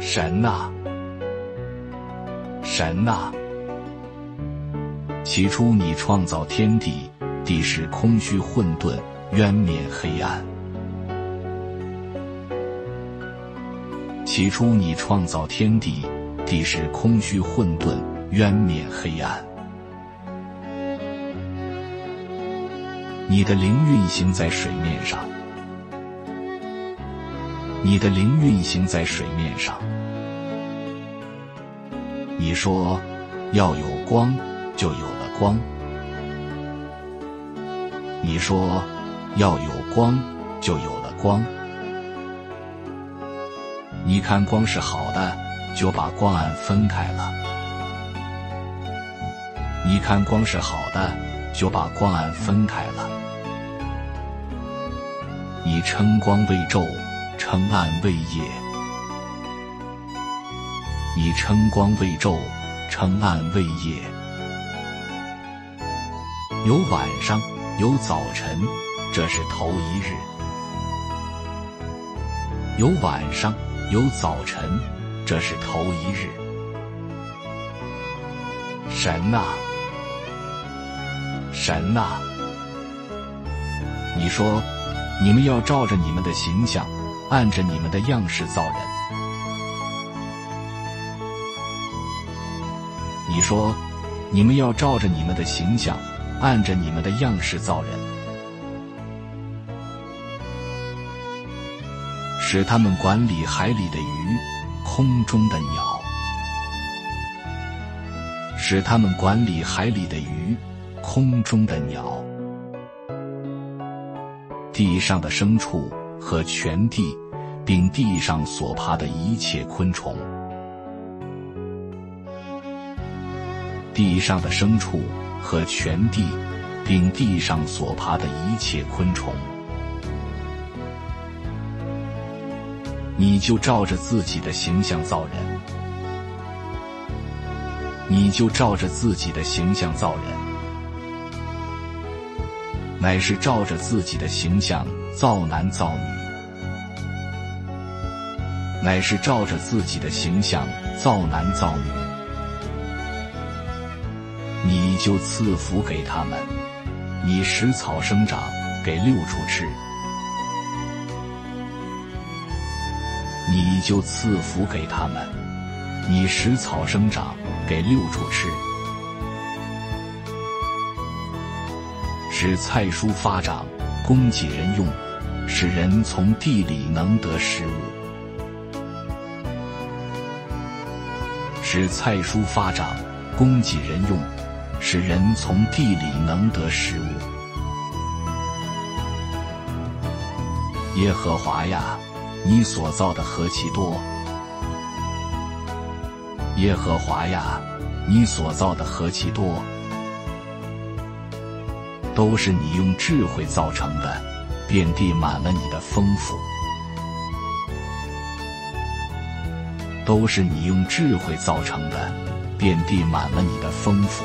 神啊，神啊！起初你創造天地，地是空虛混沌，淵面黑暗。起初你創造天地，地是空虛混沌，淵面黑暗。你的靈運行在水面上。你的靈運行在水面上。你說要有光，就有了光。你說要有光，就有了光。你看光是好的，就把光暗分開了。你看光是好的，就把光暗分開了。你稱光為晝。稱暗為夜，你稱光為晝，稱暗為夜。有晚上，有早晨，這是頭一日。有晚上，有早晨，這是頭一日。神啊，神啊，你說，你們要照着你們的形象。按着你們的樣式造人。你說，你們要照着你們的形象，按着你們的樣式造人，使他們管理海裡的魚，空中的鳥，使他們管理海裡的魚，空中的鳥，地上的牲畜。和全地，並地上所爬的一切昆蟲，地上的牲畜和全地，並地上所爬的一切昆蟲，你就照着自己的形象造人，你就照着自己的形象造人，乃是照着自己的形象。造男造女，乃是照着自己的形象造男造女。你就賜福給他們，你使草生長給六畜吃。你就賜福給他們，你使草生長給六畜吃。使菜蔬發長。供給人用，使人從地裡能得食物；使菜蔬發長，供給人用，使人從地裡能得食物。耶和華呀，你所造的何其多！耶和華呀，你所造的何其多！都是你用智慧造成的，遍地滿了你的豐富。都是你用智慧造成的，遍地滿了你的豐富。